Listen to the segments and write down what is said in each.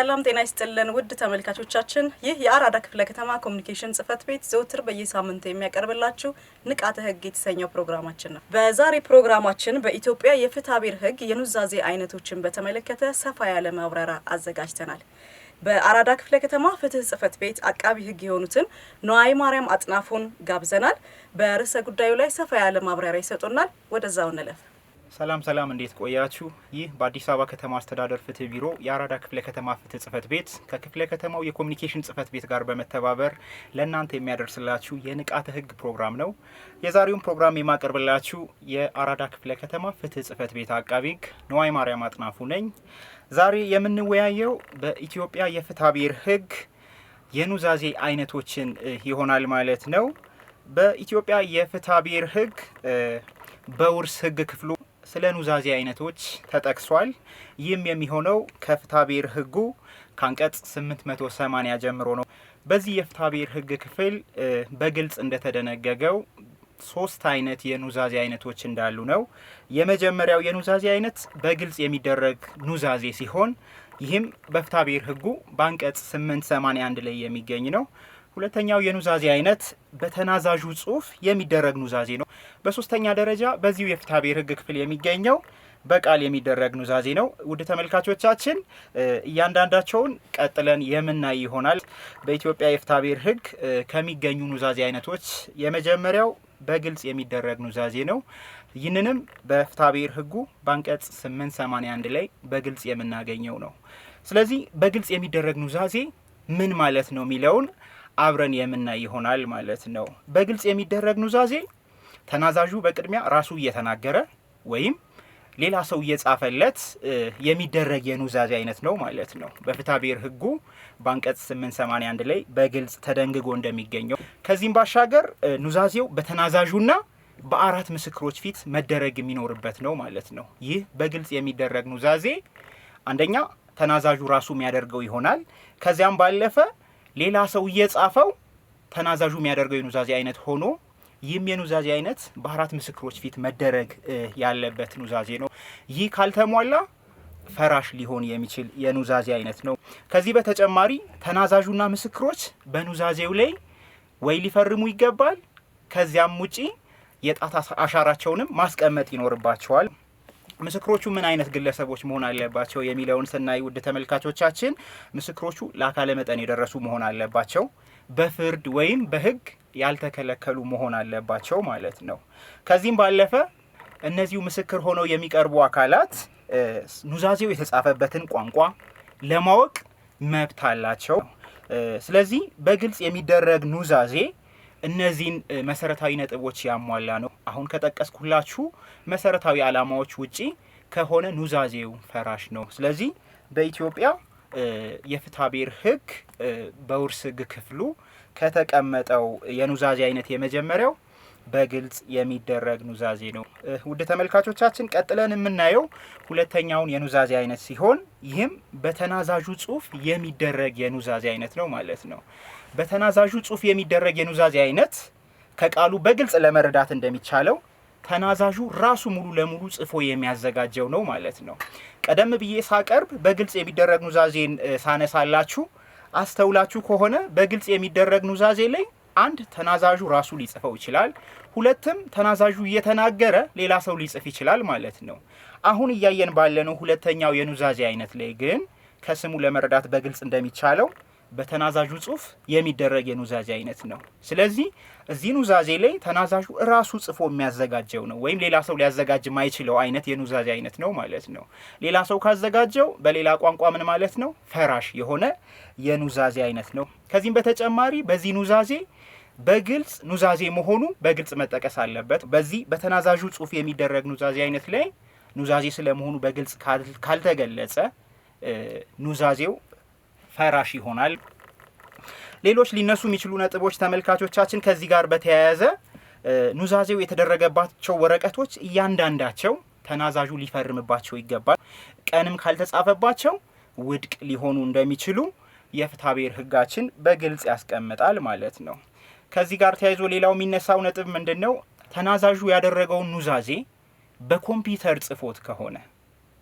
ሰላም ጤና ይስጥልን ውድ ተመልካቾቻችን፣ ይህ የአራዳ ክፍለ ከተማ ኮሚኒኬሽን ጽህፈት ቤት ዘውትር በየሳምንቱ የሚያቀርብላችሁ ንቃተ ህግ የተሰኘው ፕሮግራማችን ነው። በዛሬ ፕሮግራማችን በኢትዮጵያ የፍትሐብሔር ህግ የኑዛዜ አይነቶችን በተመለከተ ሰፋ ያለ ማብራሪያ አዘጋጅተናል። በአራዳ ክፍለ ከተማ ፍትህ ጽህፈት ቤት አቃቢ ህግ የሆኑትን ነዋይ ማርያም አጥናፉን ጋብዘናል። በርዕሰ ጉዳዩ ላይ ሰፋ ያለ ማብራሪያ ይሰጡናል። ወደዛው እንለፍ። ሰላም ሰላም፣ እንዴት ቆያችሁ? ይህ በአዲስ አበባ ከተማ አስተዳደር ፍትህ ቢሮ የአራዳ ክፍለ ከተማ ፍትህ ጽህፈት ቤት ከክፍለ ከተማው የኮሚኒኬሽን ጽህፈት ቤት ጋር በመተባበር ለእናንተ የሚያደርስላችሁ የንቃተ ህግ ፕሮግራም ነው። የዛሬውን ፕሮግራም የማቀርብላችሁ የአራዳ ክፍለ ከተማ ፍትህ ጽህፈት ቤት አቃቢ ህግ ንዋይ ማርያም አጥናፉ ነኝ። ዛሬ የምንወያየው በኢትዮጵያ የፍትሐ ብሔር ህግ የኑዛዜ አይነቶችን ይሆናል ማለት ነው። በኢትዮጵያ የፍትሐ ብሔር ህግ በውርስ ህግ ክፍሉ ስለ ኑዛዜ አይነቶች ተጠቅሷል። ይህም የሚሆነው ከፍትሐብሔር ህጉ ከአንቀጽ 880 ጀምሮ ነው። በዚህ የፍታቤር ህግ ክፍል በግልጽ እንደተደነገገው ሶስት አይነት የኑዛዜ አይነቶች እንዳሉ ነው። የመጀመሪያው የኑዛዜ አይነት በግልጽ የሚደረግ ኑዛዜ ሲሆን ይህም በፍትሐብሔር ህጉ በአንቀጽ 881 ላይ የሚገኝ ነው። ሁለተኛው የኑዛዜ አይነት በተናዛዡ ጽሁፍ የሚደረግ ኑዛዜ ነው። በሶስተኛ ደረጃ በዚሁ የፍታቤር ህግ ክፍል የሚገኘው በቃል የሚደረግ ኑዛዜ ነው። ውድ ተመልካቾቻችን እያንዳንዳቸውን ቀጥለን የምናይ ይሆናል። በኢትዮጵያ የፍታቤር ህግ ከሚገኙ ኑዛዜ አይነቶች የመጀመሪያው በግልጽ የሚደረግ ኑዛዜ ነው። ይህንንም በፍታቤር ህጉ በአንቀጽ 881 ላይ በግልጽ የምናገኘው ነው። ስለዚህ በግልጽ የሚደረግ ኑዛዜ ምን ማለት ነው የሚለውን አብረን የምናይ ይሆናል ማለት ነው። በግልጽ የሚደረግ ኑዛዜ ተናዛዡ በቅድሚያ ራሱ እየተናገረ ወይም ሌላ ሰው እየጻፈለት የሚደረግ የኑዛዜ አይነት ነው ማለት ነው። በፍትሐ ብሔር ሕጉ በአንቀጽ 881 ላይ በግልጽ ተደንግጎ እንደሚገኘው ከዚህም ባሻገር ኑዛዜው በተናዛዡና በአራት ምስክሮች ፊት መደረግ የሚኖርበት ነው ማለት ነው። ይህ በግልጽ የሚደረግ ኑዛዜ አንደኛ ተናዛዡ ራሱ የሚያደርገው ይሆናል። ከዚያም ባለፈ ሌላ ሰው እየጻፈው ተናዛዡ የሚያደርገው የኑዛዜ አይነት ሆኖ ይህም የኑዛዜ አይነት በአራት ምስክሮች ፊት መደረግ ያለበት ኑዛዜ ነው። ይህ ካልተሟላ ፈራሽ ሊሆን የሚችል የኑዛዜ አይነት ነው። ከዚህ በተጨማሪ ተናዛዡና ምስክሮች በኑዛዜው ላይ ወይ ሊፈርሙ ይገባል፣ ከዚያም ውጪ የጣት አሻራቸውንም ማስቀመጥ ይኖርባቸዋል። ምስክሮቹ ምን አይነት ግለሰቦች መሆን አለባቸው የሚለውን ስናይ ውድ ተመልካቾቻችን ምስክሮቹ ለአካለ መጠን የደረሱ መሆን አለባቸው፣ በፍርድ ወይም በሕግ ያልተከለከሉ መሆን አለባቸው ማለት ነው። ከዚህም ባለፈ እነዚሁ ምስክር ሆነው የሚቀርቡ አካላት ኑዛዜው የተጻፈበትን ቋንቋ ለማወቅ መብት አላቸው። ስለዚህ በግልጽ የሚደረግ ኑዛዜ እነዚህን መሰረታዊ ነጥቦች ያሟላ ነው። አሁን ከጠቀስኩላችሁ መሰረታዊ ዓላማዎች ውጪ ከሆነ ኑዛዜው ፈራሽ ነው። ስለዚህ በኢትዮጵያ የፍትሐ ብሔር ሕግ በውርስ ሕግ ክፍሉ ከተቀመጠው የኑዛዜ አይነት የመጀመሪያው በግልጽ የሚደረግ ኑዛዜ ነው። ውድ ተመልካቾቻችን ቀጥለን የምናየው ሁለተኛውን የኑዛዜ አይነት ሲሆን ይህም በተናዛዡ ጽሁፍ የሚደረግ የኑዛዜ አይነት ነው ማለት ነው። በተናዛዡ ጽሑፍ የሚደረግ የኑዛዜ አይነት ከቃሉ በግልጽ ለመረዳት እንደሚቻለው ተናዛዡ ራሱ ሙሉ ለሙሉ ጽፎ የሚያዘጋጀው ነው ማለት ነው። ቀደም ብዬ ሳቀርብ በግልጽ የሚደረግ ኑዛዜን ሳነሳላችሁ አስተውላችሁ ከሆነ በግልጽ የሚደረግ ኑዛዜ ላይ አንድ ተናዛዡ ራሱ ሊጽፈው ይችላል፣ ሁለትም ተናዛዡ እየተናገረ ሌላ ሰው ሊጽፍ ይችላል ማለት ነው። አሁን እያየን ባለነው ሁለተኛው የኑዛዜ አይነት ላይ ግን ከስሙ ለመረዳት በግልጽ እንደሚቻለው በተናዛዡ ጽሁፍ የሚደረግ የኑዛዜ አይነት ነው። ስለዚህ እዚህ ኑዛዜ ላይ ተናዛዡ እራሱ ጽፎ የሚያዘጋጀው ነው ወይም ሌላ ሰው ሊያዘጋጅ የማይችለው አይነት የኑዛዜ አይነት ነው ማለት ነው። ሌላ ሰው ካዘጋጀው በሌላ ቋንቋ ምን ማለት ነው? ፈራሽ የሆነ የኑዛዜ አይነት ነው። ከዚህም በተጨማሪ በዚህ ኑዛዜ በግልጽ ኑዛዜ መሆኑ በግልጽ መጠቀስ አለበት። በዚህ በተናዛዡ ጽሁፍ የሚደረግ ኑዛዜ አይነት ላይ ኑዛዜ ስለመሆኑ በግልጽ ካልተገለጸ ኑዛዜው ፈራሽ ይሆናል። ሌሎች ሊነሱ የሚችሉ ነጥቦች ተመልካቾቻችን ከዚህ ጋር በተያያዘ ኑዛዜው የተደረገባቸው ወረቀቶች እያንዳንዳቸው ተናዛዡ ሊፈርምባቸው ይገባል። ቀንም ካልተጻፈባቸው ውድቅ ሊሆኑ እንደሚችሉ የፍትሐብሔር ሕጋችን በግልጽ ያስቀምጣል ማለት ነው። ከዚህ ጋር ተያይዞ ሌላው የሚነሳው ነጥብ ምንድን ነው? ተናዛዡ ያደረገውን ኑዛዜ በኮምፒውተር ጽፎት ከሆነ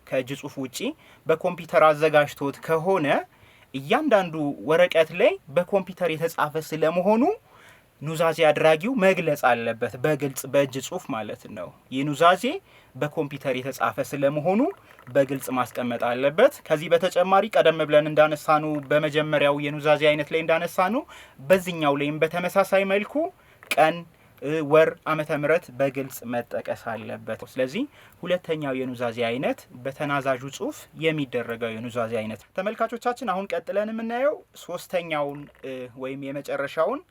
ከእጅ ጽሁፍ ውጪ በኮምፒውተር አዘጋጅቶት ከሆነ እያንዳንዱ ወረቀት ላይ በኮምፒውተር የተጻፈ ስለመሆኑ ኑዛዜ አድራጊው መግለጽ አለበት፣ በግልጽ በእጅ ጽሁፍ ማለት ነው። ይህ ኑዛዜ በኮምፒውተር የተጻፈ ስለመሆኑ በግልጽ ማስቀመጥ አለበት። ከዚህ በተጨማሪ ቀደም ብለን እንዳነሳኑ በመጀመሪያው የኑዛዜ አይነት ላይ እንዳነሳኑ በዚህኛው ላይም በተመሳሳይ መልኩ ቀን ወር፣ ዓመተ ምሕረት በግልጽ መጠቀስ አለበት። ስለዚህ ሁለተኛው የኑዛዜ አይነት በተናዛዡ ጽሁፍ የሚደረገው የኑዛዜ አይነት። ተመልካቾቻችን አሁን ቀጥለን የምናየው ሶስተኛውን ወይም የመጨረሻውን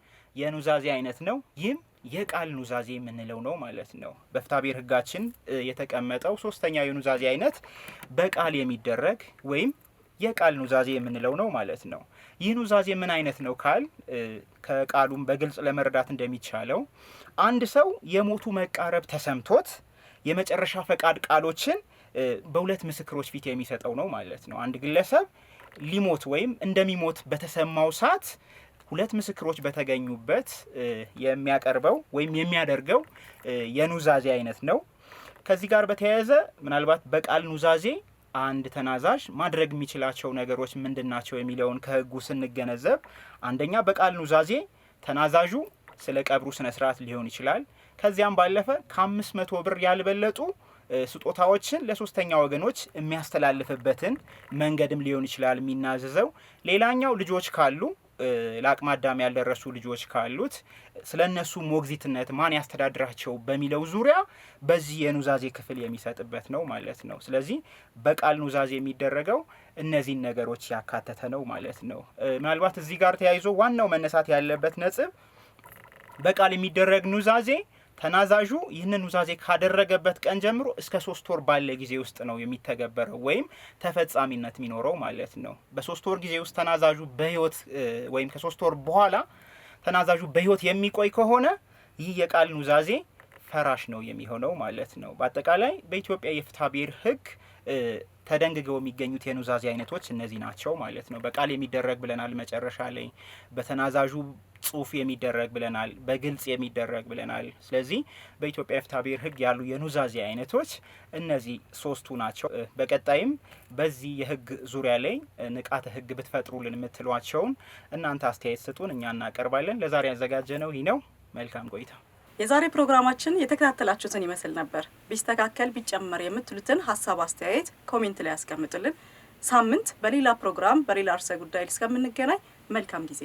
የኑዛዜ አይነት ነው። ይህም የቃል ኑዛዜ የምንለው ነው ማለት ነው። በፍታቤር ሕጋችን የተቀመጠው ሶስተኛው የኑዛዜ አይነት በቃል የሚደረግ ወይም የቃል ኑዛዜ የምንለው ነው ማለት ነው። ይህ ኑዛዜ ምን አይነት ነው ካል ከቃሉም በግልጽ ለመረዳት እንደሚቻለው አንድ ሰው የሞቱ መቃረብ ተሰምቶት የመጨረሻ ፈቃድ ቃሎችን በሁለት ምስክሮች ፊት የሚሰጠው ነው ማለት ነው። አንድ ግለሰብ ሊሞት ወይም እንደሚሞት በተሰማው ሰዓት ሁለት ምስክሮች በተገኙበት የሚያቀርበው ወይም የሚያደርገው የኑዛዜ አይነት ነው። ከዚህ ጋር በተያያዘ ምናልባት በቃል ኑዛዜ አንድ ተናዛዥ ማድረግ የሚችላቸው ነገሮች ምንድን ናቸው የሚለውን ከህጉ ስንገነዘብ አንደኛ በቃል ኑዛዜ ተናዛዡ ስለ ቀብሩ ስነ ስርዓት ሊሆን ይችላል። ከዚያም ባለፈ ከአምስት መቶ ብር ያልበለጡ ስጦታዎችን ለሶስተኛ ወገኖች የሚያስተላልፍበትን መንገድም ሊሆን ይችላል የሚናዘዘው። ሌላኛው ልጆች ካሉ ለአቅመ አዳም ያልደረሱ ልጆች ካሉት ስለ እነሱ ሞግዚትነት ማን ያስተዳድራቸው በሚለው ዙሪያ በዚህ የኑዛዜ ክፍል የሚሰጥበት ነው ማለት ነው። ስለዚህ በቃል ኑዛዜ የሚደረገው እነዚህን ነገሮች ያካተተ ነው ማለት ነው። ምናልባት እዚህ ጋር ተያይዞ ዋናው መነሳት ያለበት ነጥብ በቃል የሚደረግ ኑዛዜ ተናዛዡ ይህንን ኑዛዜ ካደረገበት ቀን ጀምሮ እስከ ሶስት ወር ባለ ጊዜ ውስጥ ነው የሚተገበረው ወይም ተፈጻሚነት የሚኖረው ማለት ነው። በሶስት ወር ጊዜ ውስጥ ተናዛዡ በህይወት ወይም ከሶስት ወር በኋላ ተናዛዡ በህይወት የሚቆይ ከሆነ ይህ የቃል ኑዛዜ ፈራሽ ነው የሚሆነው ማለት ነው። በአጠቃላይ በኢትዮጵያ የፍትሐ ብሔር ህግ ተደንግገው የሚገኙት የኑዛዜ አይነቶች እነዚህ ናቸው ማለት ነው። በቃል የሚደረግ ብለናል መጨረሻ ላይ በተናዛዡ ጽሁፍ የሚደረግ ብለናል፣ በግልጽ የሚደረግ ብለናል። ስለዚህ በኢትዮጵያ ብሔር ህግ ያሉ የኑዛዜ አይነቶች እነዚህ ሶስቱ ናቸው። በቀጣይም በዚህ የህግ ዙሪያ ላይ ንቃተ ህግ ብትፈጥሩልን የምትሏቸውን እናንተ አስተያየት ስጡን፣ እኛ እናቀርባለን። ለዛሬ ያዘጋጀ ነው ይህ ነው። መልካም ቆይታ። የዛሬ ፕሮግራማችን የተከታተላችሁትን ይመስል ነበር። ቢስተካከል ቢጨመር የምትሉትን ሀሳብ አስተያየት ኮሜንት ላይ ያስቀምጡልን። ሳምንት በሌላ ፕሮግራም በሌላ እርዕሰ ጉዳይ እስከምንገናኝ መልካም ጊዜ